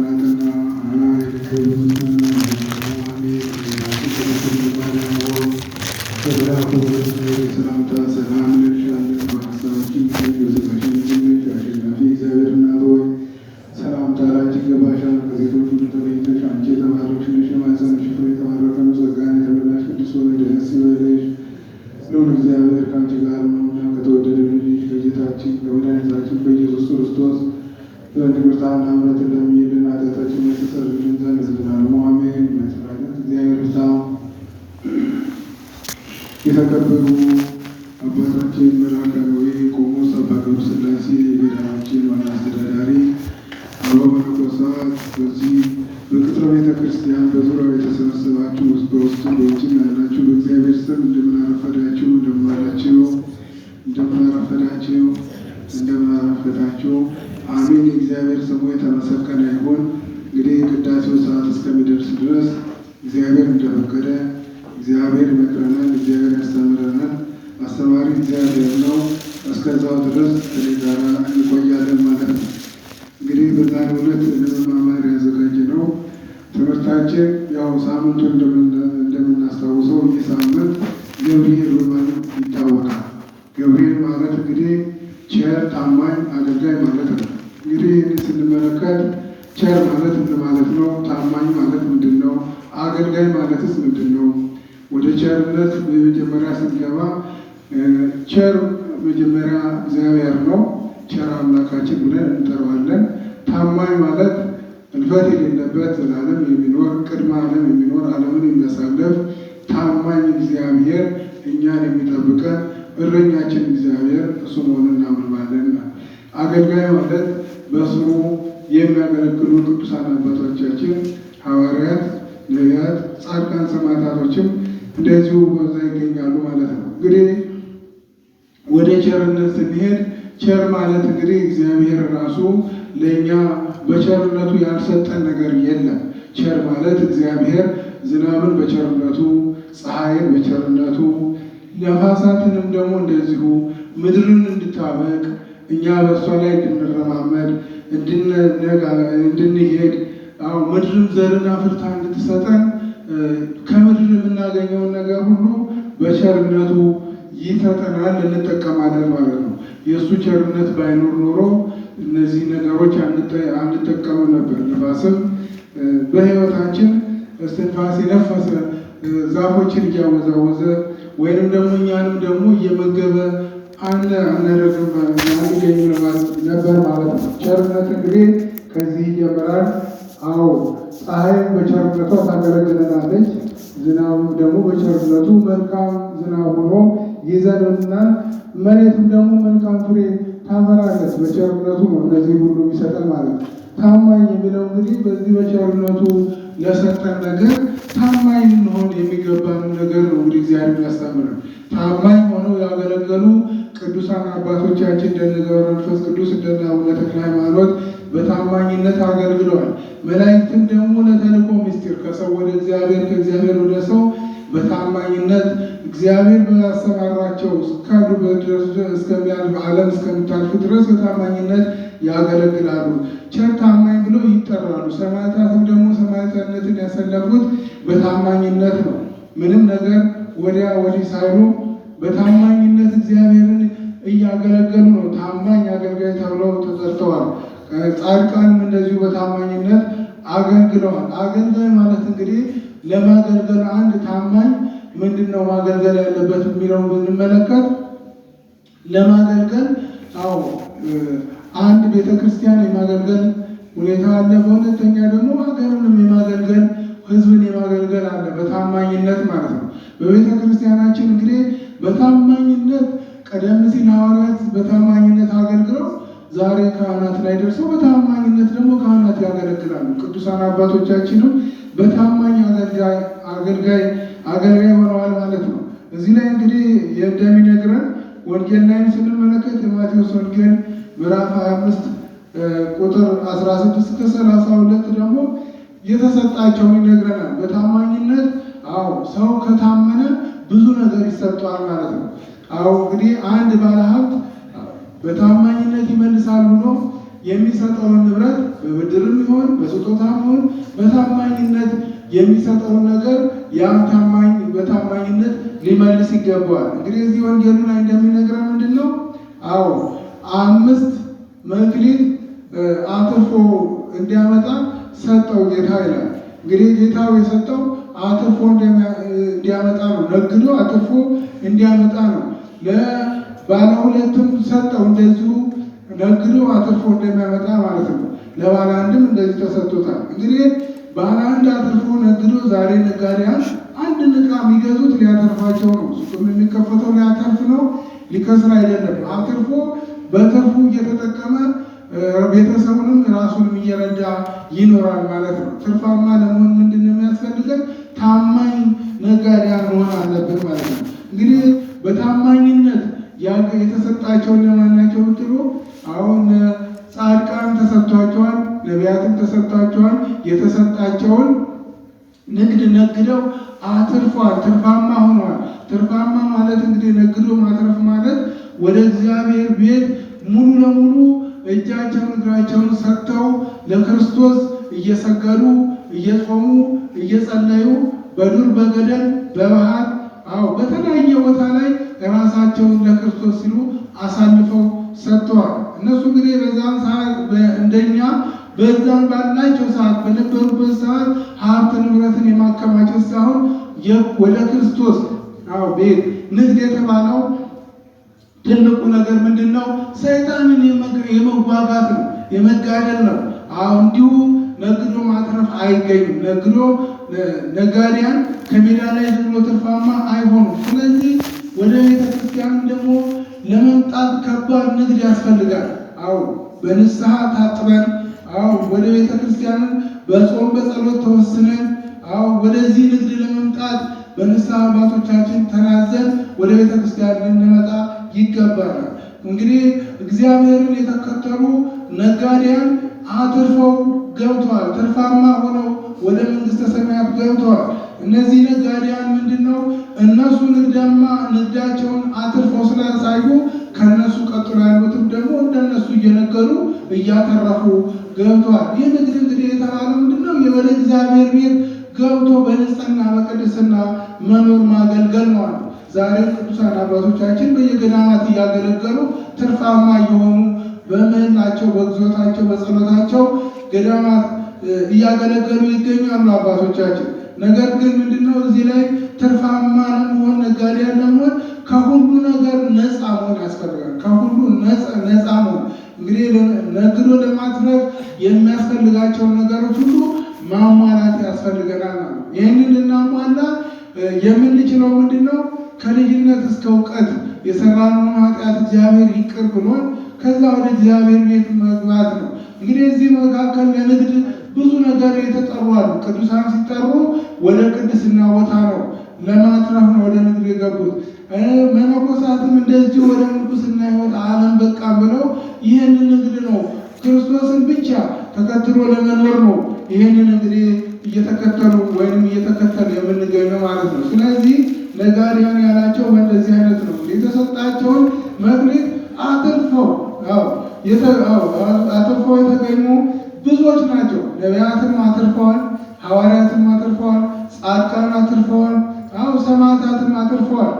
Amen. የተከበሩ አባታችን መላከዊ ቆሞስ አባ ስላሴ የገዳማችን ዋና አስተዳዳሪ አበ መነኮሳት በዚህ በቅጥረ ቤተክርስቲያን እስከዛው ድረስ እኔ ጋር እንቆያለን ማለት ነው። እንግዲህ በዛሬው ዕለት ለመማማር ያዘጋጀ ነው ትምህርታችን ያው ሳምንቱ እንደመ እንፈት የሌለበት ዘላለም የሚኖር ቅድመ ዓለም የሚኖር ዓለምን የሚያሳልፍ ታማኝ እግዚአብሔር እኛን የሚጠብቀን እረኛችን እግዚአብሔር እሱ መሆኑን እናምናለን። አገልጋይ ማለት በስሙ የሚያገለግሉ ቅዱሳን አባቶቻችን ሐዋርያት፣ ነቢያት፣ ጻድቃን፣ ሰማዕታቶችም እንደዚሁ በዛ ይገኛሉ ማለት ነው። እንግዲህ ወደ ቸርነት ስንሄድ ቸር ማለት እንግዲህ እግዚአብሔር ራሱ ለእኛ በቸርነቱ ያልሰጠን ነገር የለም። ቸር ማለት እግዚአብሔር ዝናብን በቸርነቱ ፀሐይን በቸርነቱ ነፋሳትንም ደግሞ እንደዚሁ ምድርን እንድታበቅ እኛ በእሷ ላይ እንድንረማመድ እንድንሄድ አሁ ምድርም ዘርና ፍርታ እንድትሰጠን ከምድር የምናገኘውን ነገር ሁሉ በቸርነቱ ይሰጠናል፣ እንጠቀማለን ማለት ነው። የእሱ ቸርነት ባይኖር ኖሮ እነዚህ ነገሮች አንጠቀሙ ነበር። ንፋስም በህይወታችን እስትንፋስ የነፈሰ ዛፎችን እያወዛወዘ ወይንም ደግሞ እኛንም ደግሞ እየመገበ አንድ አናደርግም አንገኝ ነበር ማለት ነው። ቸርነት እንግዲህ ከዚህ ይጀምራል። አዎ ፀሐይ በቸርነቷ ታገለግለናለች። ዝናቡ ደግሞ በቸርነቱ መልካም ዝናብ ሆኖ ይዘንና መሬቱም ደግሞ መልካም ፍሬ ታፈራለች። በቸርነቱ ነው እነዚህ ሁሉ የሚሰጠን ማለት ነው። ታማኝ የሚለው እንግዲህ በዚህ በቸርነቱ ለሰጠን ነገር ታማኝ ልንሆን የሚገባን ነገር ነው። እንግዲህ እግዚአብሔር የሚያስተምረን ታማኝ ሆነው ያገለገሉ ቅዱሳን አባቶቻችን እንደነ መንፈስ ቅዱስ እንደነ አቡነ ተክለ ሃይማኖት በታማኝነት አገልግለዋል። መላእክትም ደግሞ ለተልእኮ ምስጢር ከሰው ወደ እግዚአብሔር ከእግዚአብሔር ወደ ሰው በታማኝነት እግዚአብሔር በያሰማራቸው እስከሚያልፍ ዓለም እስከምታልፍ ድረስ በታማኝነት ያገለግላሉ። ቸር ታማኝ ብለው ይጠራሉ። ሰማዕታትም ደግሞ ሰማዕትነትን ያሰለፉት በታማኝነት ነው። ምንም ነገር ወዲያ ወዲህ ሳይሉ በታማኝነት እግዚአብሔርን እያገለገሉ ነው። ታማኝ አገልጋይ ተብለው ተጠርተዋል። ጻድቃንም እንደዚሁ በታማኝነት አገልግለዋል። አገልጋይ ማለት እንግዲህ ለማገልገል አንድ ታማኝ ምንድን ነው ማገልገል ያለበት የሚለውን ብንመለከት ለማገልገል አዎ አንድ ቤተክርስቲያን የማገልገል ሁኔታ አለ። በሁለተኛ ደግሞ ሀገርንም የማገልገል ህዝብን የማገልገል አለ፣ በታማኝነት ማለት ነው። ክርስቲያናችን እንግዲህ በታማኝነት ቀደም ሲል ሐዋርያት በታማኝነት አገልግለው ዛሬ ካህናት ላይ ደርሰው በታማኝነት ደግሞ ካህናት ያገለግላሉ። ቅዱሳን አባቶቻችንም በታማኝ አገልጋይ አገልጋይ ሆነዋል ማለት ነው። እዚህ ላይ እንግዲህ እንደሚነግረን ወንጌል ላይም ስንመለከት የማቴዎስ ወንጌል ምዕራፍ 25 ቁጥር 16 እስከ 32 ደግሞ የተሰጣቸውን ይነግረናል። በታማኝነት አዎ፣ ሰው ከታመነ ብዙ ነገር ይሰጠዋል ማለት ነው። አዎ እንግዲህ አንድ ባለሀብት በታማኝነት ይመልሳል ብሎ የሚሰጠውን ንብረት በብድርም ይሆን በስጦታም ይሆን በታማኝነት የሚሰጠውን ነገር ያም ታማኝ በታማኝነት ሊመልስ ይገባዋል። እንግዲህ እዚህ ወንጌሉ ላይ እንደሚነግረን ምንድን ነው? አዎ አምስት መክሊት አትርፎ እንዲያመጣ ሰጠው ጌታ ይላል። እንግዲህ ጌታው የሰጠው አትርፎ እንዲያመጣ ነው። ነግዶ አትርፎ እንዲያመጣ ነው። ባለ ሁለቱም ሰጠው እንደዚሁ ነግዶ አትርፎ እንደሚያመጣ ማለት ነው። ለባለ አንድም እንደዚህ ተሰጥቶታል። እንግዲህ ባለ አንድ አትርፎ ነግዶ ዛሬ ነጋዴያን አንድ ዕቃ የሚገዙት ሊያተርፋቸው ነው። ሱቅም የሚከፈተው ሊያተርፍ ነው፣ ሊከስር አይደለም። አትርፎ በትርፉ እየተጠቀመ ቤተሰቡንም ራሱንም እየረዳ ይኖራል ማለት ነው። ትርፋማ ለመሆን ምንድን ነው የሚያስፈልገን? ታማኝ ነጋዴያን መሆን አለብን ማለት ነው። እንግዲህ በታማኝነት እድሜያቸውን ለማናቸውን ጥሩ አሁን ጻድቃን ተሰጥቷቸዋል፣ ነቢያትም ተሰጥቷቸዋል። የተሰጣቸውን ንግድ ነግደው አትርፏል፣ ትርፋማ ሆኗል። ትርፋማ ማለት እንግዲህ ነግዶ ማትረፍ ማለት ወደ እግዚአብሔር ቤት ሙሉ ለሙሉ እጃቸውን እግራቸውን ሰጥተው ለክርስቶስ እየሰገዱ እየጾሙ እየጸለዩ በዱር በገደል በባህር አዎ በተለያየ ቦታ ላይ ራሳቸውን ለክርስቶስ ሲሉ አሳልፈው ሰጥተዋል። እነሱ እንግዲህ በዛን ሰዓት እንደኛ በዛን ባላቸው ሰዓት በነበሩበት ሰዓት ሀብት ንብረትን የማከማቸት ሳይሆን ወደ ክርስቶስ አዎ ቤት ንግድ የተባለው ትልቁ ነገር ምንድን ነው? ሰይጣንን የመዋጋት ነው፣ የመጋደል ነው። አሁ እንዲሁ ነግዶ ማትረፍ አይገኝም። ነግዶ ነጋዴያን ከሜዳ ላይ ዝም ብሎ ትርፋማ አይሆኑም። ስለዚህ ወደ ቤተ ክርስቲያን ደግሞ ለመምጣት ከባድ ንግድ ያስፈልጋል። አዎ በንስሐ ታጥበን፣ አዎ ወደ ቤተ ክርስቲያን በጾም በጸሎት ተወስነን፣ አዎ ወደዚህ ንግድ ለመምጣት በንስሐ አባቶቻችን ተናዘን ወደ ቤተ ክርስቲያን ልንመጣ ይገባናል። እንግዲህ እግዚአብሔርን የተከተሉ ነጋዴያን አትርፈው ገብተዋል። ትርፋማ ሆነው ወደ መንግሥተ ሰማያት ገብተዋል። እነዚህ ነጋዴያን ምንድን ነው እነሱ ንግዳማ ንግዳቸውን አትርፎ ስላሳዩ ከነሱ ቀጥሎ ያሉትም ደግሞ እንደነሱ እየነገዱ እያተረፉ ገብተዋል። ይህ ንግድ እንግዲህ የተባለ ምንድን ነው የወደ እግዚአብሔር ቤት ገብቶ በንጽህና በቅድስና መኖር ማገልገል ነው ዛሬ ቅዱሳን አባቶቻችን በየገዳማት እያገለገሉ ትርፋማ እየሆኑ በምህላቸው፣ በግዞታቸው፣ በጸሎታቸው ገዳማት እያገለገሉ ይገኛሉ አባቶቻችን ነገር ግን ምንድነው እዚህ ላይ ትርፋማ ለመሆን ነጋዴ ለመሆን ከሁሉ ነገር ነፃ መሆን ያስፈልጋል። ከሁሉ ነፃ መሆን እንግዲህ ነግዶ ለማትረፍ የሚያስፈልጋቸውን ነገሮች ሁሉ ማሟላት ያስፈልገናል ማለት ነው። ይህንን እናሟላ የምንችለው ምንድነው ከልጅነት እስከ እውቀት የሰራነውን ኃጢአት እግዚአብሔር ይቅር ብሎን ከዛ ወደ እግዚአብሔር ቤት መግባት ነው። እንግዲህ እዚህ መካከል ለንግድ ብዙ ነገር የተጠሩ አሉ። ቅዱሳን ሲጠሩ ወደ ቅድስና ቦታ ነው ለማትረፍ ነው ወደ ምድር የገቡት። መነኮሳትም እንደዚህ ወደ ንጉስና ህይወት አለም በቃ ብለው ይህን ንግድ ነው ክርስቶስን ብቻ ተከትሎ ለመኖር ነው። ይህንን እንግዲህ እየተከተሉ ወይም እየተከተሉ የምንገኘ ማለት ነው። ስለዚህ ነጋሪያን ያላቸው በእንደዚህ አይነት ነው። የተሰጣቸውን መክሊት አትርፈው አትርፈው የተገኙ ብዙዎች ናቸው። ነቢያትም አትርፈዋል፣ ሐዋርያትም አትርፈዋል፣ ጻድቃን አትርፈዋል፣ አው ሰማዕታትም አትርፈዋል።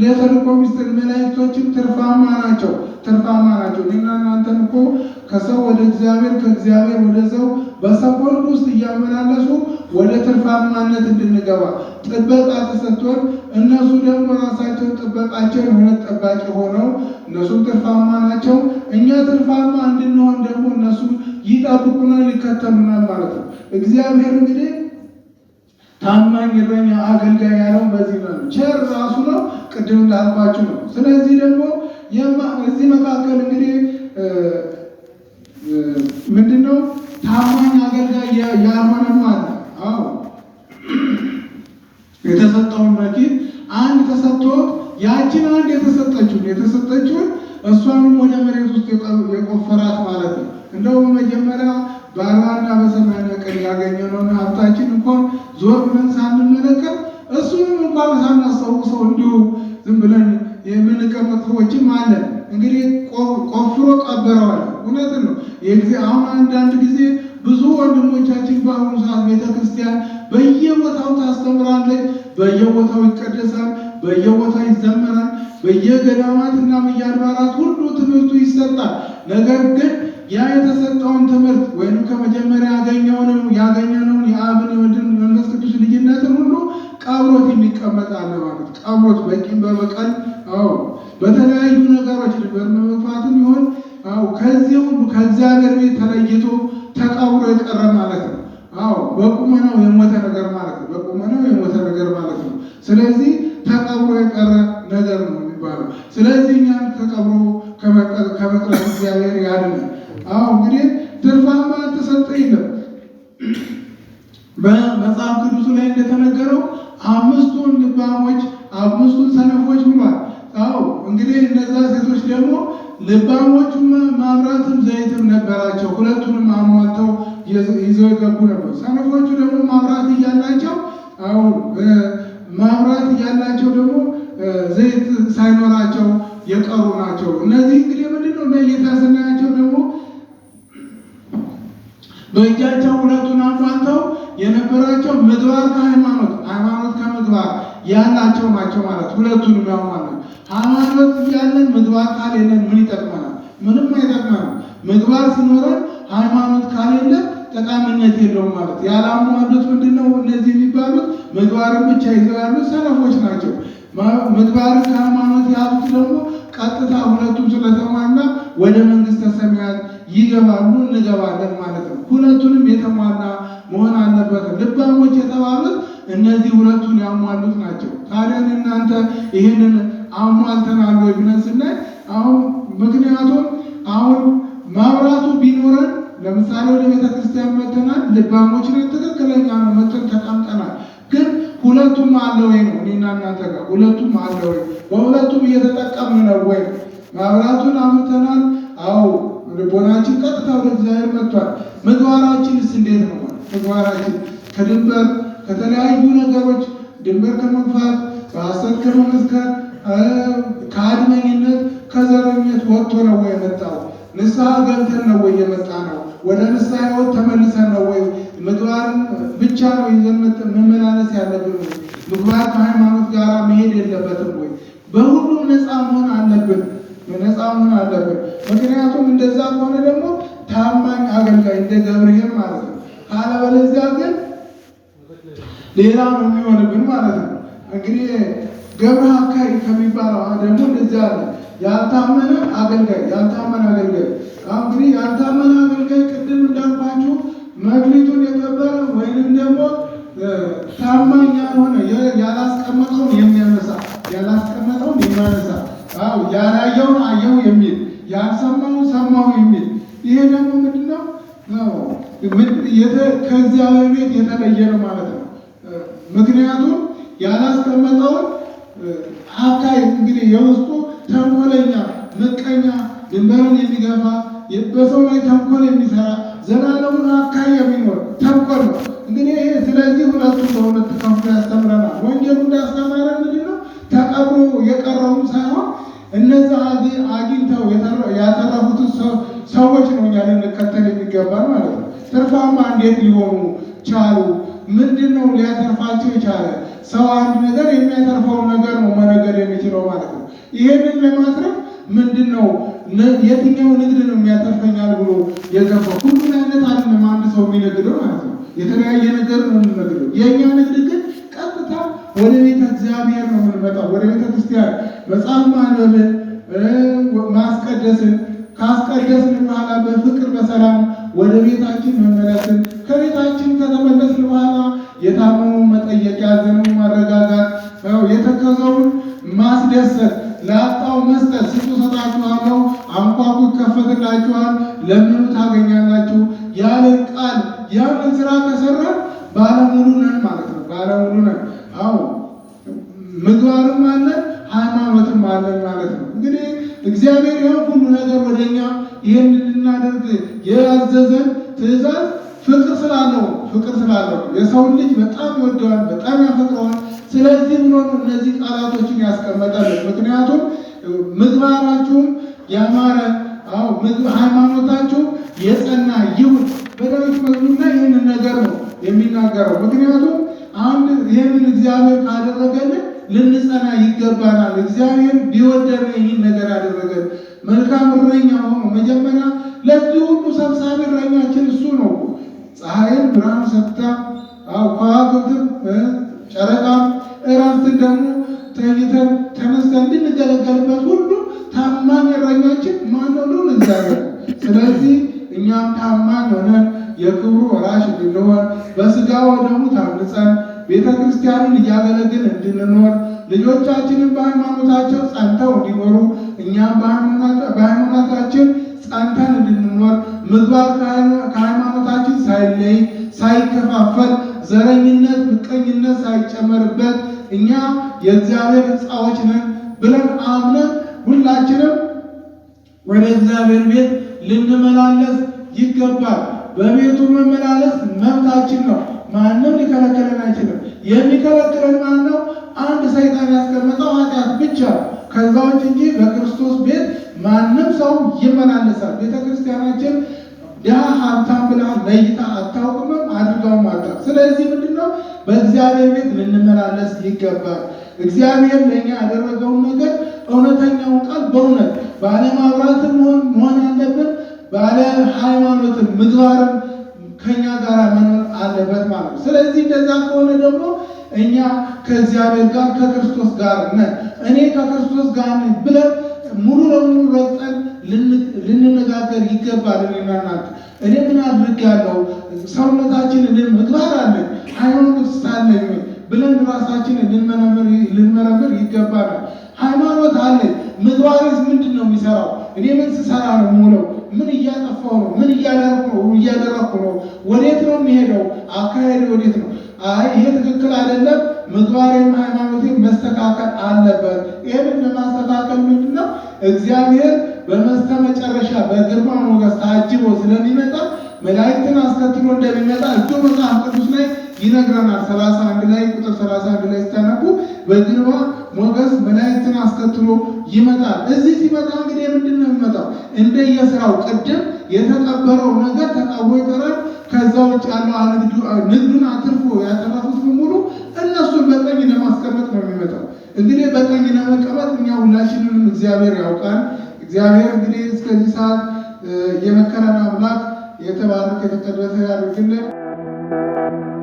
ለተልእኮ ሚስጥር መላእክቶችም ትርፋማ ናቸው ትርፋማ ናቸው። እኔና እናንተን እኮ ከሰው ወደ እግዚአብሔር ከእግዚአብሔር ወደ ሰው በሰው ውስጥ እያመላለሱ ወደ ትርፋማነት እንድንገባ ጥበቃ ተሰጥቶን እነሱ ደግሞ ራሳቸው ጥበቃቸው የሆነ ጠባቂ ሆነው እነሱም ትርፋማ ናቸው። እኛ ትርፋማ እንድንሆን ደግሞ እነሱ ይጠብቁናል፣ ይከተሉናል ማለት ነው። እግዚአብሔር እንግዲህ ታማኝ እረኛ አገልጋይ ያለው በዚህ ነው። ቸር ራሱ ነው፣ ቅድም እንዳልኳችሁ ነው። ስለዚህ ደግሞ እዚህ መካከል እንግዲህ ምንድን ነው ታማኝ አገልጋይ ያልሆነ አለ? አዎ፣ የተሰጠውን መኪን አንድ ተሰጥቶት ያችን አንድ የተሰጠችውን የተሰጠችውን እሷንም ወደ መሬት ውስጥ የቆፈራት ማለት ነው። እንደውም መጀመሪያ በአርባና በሰማንያ ቀን ያገኘነውን ሀብታችን እንኳን ዞር ብለን ሳንመለከት እሱንም እንኳን ሳናስታውሰው እንዲሁ ዝም ብለን የምንቀመጥ ሰዎችም አለን። እንግዲህ ቆፍሮ ቀበረዋል። እውነት ነው። የጊዜ አሁን አንዳንድ ጊዜ ብዙ ወንድሞቻችን በአሁኑ ሰዓት ቤተክርስቲያን በየቦታው ታስተምራለች፣ በየቦታው ይቀደሳል፣ በየቦታው ይዘመራል፣ በየገዳማትና በየአድባራት ሁሉ ትምህርቱ ይሰጣል። ነገር ግን ያ የተሰጠውን ትምህርት ወይም ከመጀመሪያ ያገኘውንም ያገኘነውን የአብን የወልድን መንፈስ ቅዱስ ልጅነትን ሁሉ ቀብሮት የሚቀመጥ አለ ማለት ቀብሮት በቂም በበቀል አዎ በተለያዩ ነገሮች ድንበር በመግፋትም ይሆን አዎ ከዚህ ሁሉ ከእግዚአብሔር ቤት ተለይቶ ተቀብሮ የቀረ ማለት ነው። አዎ በቁመናው የሞተ ነገር ማለት ነው። በቁመናው የሞተ ነገር ማለት ነው። ስለዚህ ተቀብሮ የቀረ ነገር ነው የሚባለው። ስለዚህ እኛም ተቀብሮ ከመቅረት እግዚአብሔር ያድነን። አዎ እንግዲህ ትርፋማ ተሰጠ የለም። በመጽሐፍ ቅዱሱ ላይ እንደተነገረው አምስቱን ልባሞች አምስቱን ሰነፎች ብሏል። አዎ እንግዲህ እነዛ ሴቶች ደግሞ ልባሞቹ ማብራትም ዘይትም ነበራቸው። ሁለቱንም አሟልተው ይዘው የገቡ ነበር። ሰነፎቹ ደግሞ ማብራት እያ ምግባር ከሃይማኖት ሃይማኖት ከምግባር ያላቸው ናቸው ማለት ሁለቱንም ያውማሉ። ሃይማኖት እያለን ምግባር ካሌለን ምን ይጠቅመናል? ምንም አይጠቅመናል። ምግባር ሲኖረን ሃይማኖት ካሌለ ጠቃሚነት የለውም ማለት ያላሟሉት ምንድን ነው? እነዚህ የሚባሉት ምግባርን ብቻ ይዘው ያሉ ሰለፎች ናቸው። ምግባርን ከሃይማኖት ያሉት ደግሞ ቀጥታ ሁለቱም ስለተሟላ ወደ መንግስተ ሰማያት ይገባሉ እንገባለን ማለት ነው። ሁለቱንም የተሟላ መሆን አለበት። ልባሞች የተባሉት እነዚህ ሁለቱን ያሟሉት ናቸው። ታዲያን እናንተ ይህንን አሟልተናል ወይ ብለን ስናይ አሁን ምክንያቱም አሁን ማብራቱ ቢኖረን ለምሳሌ ወደ ቤተ ክርስቲያን መተናል ልባሞች ነን፣ ትክክለኛ ነው መተን ተቀምጠናል። ግን ሁለቱም አለ ወይ ነው እኔና እናንተ ጋር ሁለቱም አለ ወይ? በሁለቱም እየተጠቀምን ነው ወይ? ማብራቱን አምተናል። አው ልቦናችን ቀጥታ ወደ እግዚአብሔር መጥቷል። ምግባራችንስ እንዴት ነው? ምግባራችን ከድንበር ከተለያዩ ነገሮች ድንበር ከመግፋት በሐሰት ከመመስከር ከአድመኝነት ከዘረኝነት ወጥቶ ነው ወይ የመጣው? ንስሐ ገብተን ነው ወይ የመጣ ነው? ወደ ንስሐ ሕይወት ተመልሰን ነው ወይ? ምግባር ብቻ ነው ይዘን መመላለስ ያለብን ወይ? ምግባር ከሃይማኖት ጋር መሄድ የለበትም ወይ? በሁሉም ነፃ መሆን አለብን። ነፃ መሆን አለብን። ምክንያቱም እንደዛ ከሆነ ደግሞ ታማኝ አገልጋይ እንደ ገብርኤል ማለት ነው። ካለበለዚያ ግን ሌላ ነው የሚሆንብን ማለት ነው። እንግዲህ ገብረ አካይ ከሚባለው ደግሞ እንደዚያ አለ። ያልታመነ አገልጋይ ያልታመነ አገልጋይ እንግዲህ ያልታመነ አገልጋይ ቅድም እንዳልኳችሁ መክሊቱን የቀበረ ወይንም ደግሞ ታማኝ ያልሆነ ያላስቀመጠውን የሚያነሳ ያላስቀመጠውን የሚያነሳ አዎ ያላየውን አየው የሚል ያልሰማው ሰማው የሚል ይሄ ደግሞ ምንድነው? ከእግዚአብሔር ቤት የተለየ ነው ማለት ነው። ምክንያቱም ያላስቀመጠውን አካይ እንግዲህ የውስጡ ተንኮለኛ፣ ምቀኛ፣ ድንበርን የሚገፋ በሰው ላይ ተንኮል የሚሰራ ዘላለሙን አካይ የሚኖር ተንኮል ነው። እንግዲህ ይሄ ስለዚህ ሁለቱ በሁለት ከፍሎ ያስተምረናል። ወንጌሉ እንዳስተማረ ምንድን ተቀብሮ የቀረውን ሳይሆን እነዛ አግኝተው ያተረፉትን ሰዎች ነው እኛ ልንከተል የሚገባ ማለት ነው። ትርፋማ እንዴት ሊሆኑ ቻሉ? ምንድን ነው ሊያተርፋቸው የቻለ? ሰው አንድ ነገር የሚያተርፈውን ነገር ነው መነገድ የሚችለው ማለት ነው። ይሄንን ለማትረፍ ምንድን ነው የትኛው ንግድ ነው የሚያተርፈኛል ብሎ የገባ ሁሉን አይነት አለም አንድ ሰው የሚነግደው ማለት ነው። የተለያየ ነገር ነው የምንነግደው የእኛ መጽሐፍ ማንበብን ማስቀደስን ካስቀደስን በኋላ በፍቅር በሰላም ወደ ቤታችን መመለስን ከቤታችን ከተመለስን በኋላ የታመሙን መጠየቅ፣ ያዘኑን ማረጋጋት፣ የተከዘውን ማስደሰት፣ ለአጣው መስጠት፣ ስጡ እሰጣችኋለሁ፣ አንኳኩ ይከፈትላችኋል፣ ለምኑ ታገኛላችሁ ያለን ቃል ያንን ስራ ከሰራን ባለሙሉ ነን ማለት ነው። ባለሙሉ ነን። አዎ ምግባርም አለን ሃይማኖትም አለን ማለት ነው። እንግዲህ እግዚአብሔር ይኸው ሁሉ ነገር ወደኛ ይህን እንድናደርግ የያዘዘን ትእዛዝ ፍቅር ስላለው ፍቅር ስላለው የሰው ልጅ በጣም ይወደዋል፣ በጣም ያፈቅረዋል። ስለዚህ ብሎ ነው እነዚህ ቃላቶችን ያስቀመጠልን። ምክንያቱም ምግባራችሁም ያማረ አዎ ሃይማኖታችሁ የጸና ይሁን። በዳዊት መዝሙርና ይህንን ነገር ነው የሚናገረው። ምክንያቱም አንድ ይህንን እግዚአብሔር ካደረገልን ልንጸና ይገባናል። እግዚአብሔር ቢወደር ይህን ነገር አደረገ። መልካም እረኛ ሆኖ መጀመሪያ ለዚህ ሁሉ ሰብሳቢ እረኛችን እሱ ነው። ፀሐይን ብርሃን ሰጥታ ከዋክብትም ጨረቃም እረፍትን ደግሞ ተኝተን ተነስተን እንድንገለገልበት ሁሉ ታማኝ እረኛችን ማነው? ነው እግዚአብሔር። ስለዚህ እኛም ታማኝ ሆነን የክብሩ ወራሽ እንድንሆን በስጋ ወደሙ ታንጸን ቤተ ክርስቲያንን እያገለግል እንድንኖር ልጆቻችንን በሃይማኖታቸው ጸንተው እንዲኖሩ እኛም በሃይማኖታችን ጸንተን እንድንኖር ምግባር ከሃይማኖታችን ሳይለይ ሳይከፋፈል፣ ዘረኝነት፣ ምቀኝነት ሳይጨመርበት እኛ የእግዚአብሔር ሕንፃዎች ነን ብለን አምነን ሁላችንም ወደ እግዚአብሔር ቤት ልንመላለስ ይገባል። በቤቱ መመላለስ መብታችን ነው። ማንም ሊከለክለን አይችልም። የሚከለክለን ማን ነው? አንድ ሰይጣን ያስቀመጠው ኃጢአት ብቻ ከዛዎች እንጂ በክርስቶስ ቤት ማንም ሰው ይመላለሳል። ቤተ ክርስቲያናችን ያ ሀብታም ብላ ለይታ አታውቅምም፣ አድርጋውም አጣ። ስለዚህ ምንድነው በእግዚአብሔር ቤት ልንመላለስ ይገባል። እግዚአብሔር ለእኛ ያደረገውን ነገር እውነተኛውን ቃል በእውነት ባለማብራትም መሆን ያለብን ባለ ሃይማኖትን ምግባርም ከኛ ጋር መኖር አለበት ማለት ነው። ስለዚህ እንደዛ ከሆነ ደግሞ እኛ ከእግዚአብሔር ጋር ከክርስቶስ ጋር ነን። እኔ ከክርስቶስ ጋር ነኝ ብለን ሙሉ ለሙሉ ረግጠን ልንነጋገር ይገባል። ናት እኔ ምን አድርግ ያለው ሰውነታችን ልን ምግባር አለኝ፣ ሃይማኖት ስታለኝ ብለን ራሳችን ልንመረምር ይገባናል። ሃይማኖት አለኝ፣ ምግባሬስ ምንድን ነው የሚሰራው? እኔ ምን ስሰራ ነው ሙለው ምን እያጠፋሁ ነው? ምን እያደረኩ ነው? እያደረኩ ነው? ወዴት ነው የሚሄደው? አካሄድ ወዴት ነው? አይ ይሄ ትክክል አይደለም፣ ምግባሬም ሃይማኖቴም መስተካከል አለበት። ይህንን ለማስተካከል ምንድን ነው እግዚአብሔር በመስተመጨረሻ በግርማ ሞገስ ታጅቦ ስለሚመጣ መላእክትን አስከትሎ እንደሚመጣ እዚሁ መጽሐፍ ቅዱስ ላይ ይነግረናል። 31 ላይ ቁጥር 31 ላይ ስታነቡ በዚህዋ ሞገስ መላእክትን አስከትሎ ይመጣል። እዚህ ሲመጣ እንግዲህ ምንድን ነው የሚመጣው? እንደ የስራው ቅድም የተቀበረው ነገር ተቀብሮ ይቀራል። ከዛ ውጭ ያለው ንግዱን አትርፎ ያተረፉት በሙሉ እነሱን በቀኝ ለማስቀመጥ ነው የሚመጣው። እንግዲህ በቀኝ ለመቀመጥ እኛ ሁላችንንም እግዚአብሔር ያውቃል። እግዚአብሔር እንግዲህ እስከዚህ ሰዓት የመከረን አምላክ የተባረከ የተቀደሰ ያድርግልን።